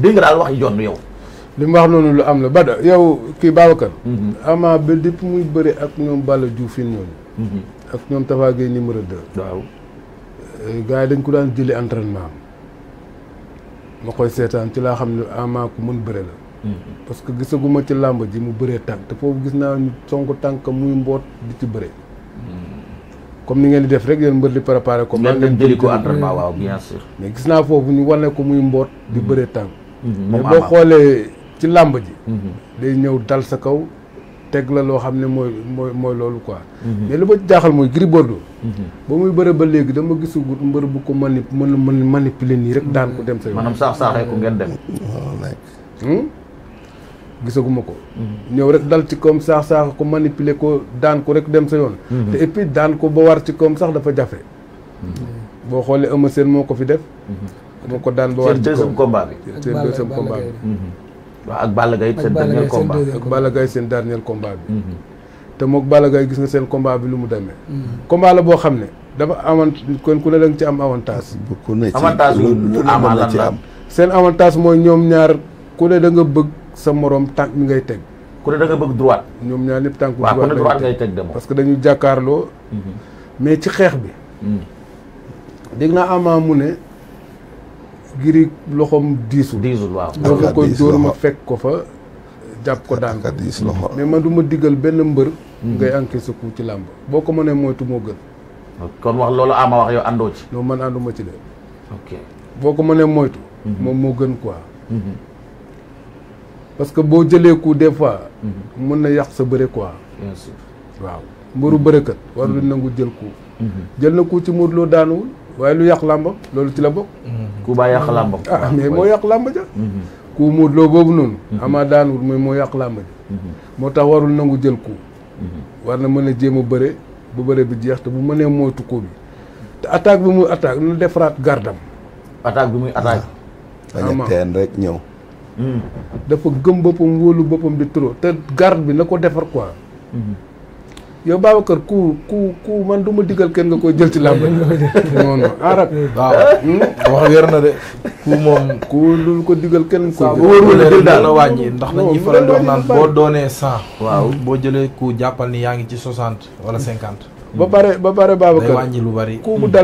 dégg nga daal wax yi jonn yow. li mu wax noonu lu am la Bada yow kii Babacar. Mhm. Ama ba depuis muy bëri ak ñoom Balla Diouf yi ñooñu. Mhm. ak ñoom Tapha Gueye numéro 2. waaw. Eh, yi dañ ko daan jëli entraînement ma koy seetaan ci laa xam ne Ama ku mën bëre la. Mhm. parce que gisaguma ci làmb ji mu bëree tànk te foofu gis naa ñu sonk tànk muy mboot di ci bëre. comme ni ngeen di def rek yéen mbër di préparé ko. maa ngeen jëli ko entraînement waaw gis naa foofu ñu wane ko muy mboot di bëree tànk. Mm-hmm. mais boo xoolee ci làmb ji. Mm-hmm. day ñëw dal sa kaw teg la loo xam ne mooy mooy mooy loolu quoi. Mm-hmm. mais li ma jaaxal mooy Gris Bordeaux. ba muy bëre ba léegi dama gisagut mbër bu ko mani mën mën manipuler nii rek daan ko dem sa yoon. maanaam saax saaxee ko ngeen dem. waaw hmm? gisaguma ko. ñëw rek dal ci koom saax saax ko manipuler ko daan ko rek dem sa yoon. te et puis daan ko ba war ci koom sax dafa jafe. boo xoolee Eumeu Sène moo ko fi def. moo ko daan ba wàcc bi. seen combat bi. Mm-hmm. waaw ak Balla Gaye seen dernier combat ak Balla Gaye seen dernier combat bi. Mm-hmm. te moog Balla Gaye gis nga seen combat bi lu mu demee. Mm-hmm. combat la boo xam ne dafa avant kon ku ne da nga ci am avantage. ku ne ci avantage la ci am. seen avantage mooy ñoom ñaar ku ne da nga bëgg sa moroom tànk mi ngay teg. ku ne da nga bëgg droite. ñoom ñaar ñëpp tànk. waaw ku ne droite ngay teg parce que dañu jàkkaarloo. mais ci xeex bi. dégg naa Ama mu ne. giri loxoom diisul. diisul waaw loolu koy dóor ma fekk ko fa jàpp ko loxo mais man du ma diggal benn mbër. Hmm. ngay sa ku ci làmb boo ko mënee moytu moo gën. kon wax loolu ama wax yow àndoo ci. non man ànduma ci de. boo ko mënee moytu. Hmm. moom moo gën quoi. Hmm. parce que boo jëlee coup des fois. mën na yàq sa bëre quoi. bien sûr waaw mbëru bërëkat. nangu jël coup. jël na coup ci Modou Lo daanuwul. waaye lu yàq làmb loolu ci la bokk. ku baa yàq làmb. Ah, ah mais moo yàq làmb ja. Mhm. ku Modou Lo mhm. ama daanul mooy moo yàq làmb ja. Mhm. moo tax warul nangu jël ko. war na mën a jéem a bëre bu bëre bi jeex te bu mënee moytu ko te attaque bi muy attaque nu defaraat gardam. attaque bi muy ah. attaque. ama teen rek ñëw. dafa gëm boppam wóolu boppam di trop te garde bi na ko defar quoi. yow Babacar ku ku ku man du ma digal kenn nga koy jël ci làmb non non arab waaw hmm? wax wér na de ku moom ku lu ko digal kenn nga koy jël daana wàññi ndax dañuy faral di wax naan boo doonee cent waaw boo jëlee ku jàppal ni yaa ngi ci soixante wala cinquante ba pare ba pare Babacar wàññi lu bari ku mu dal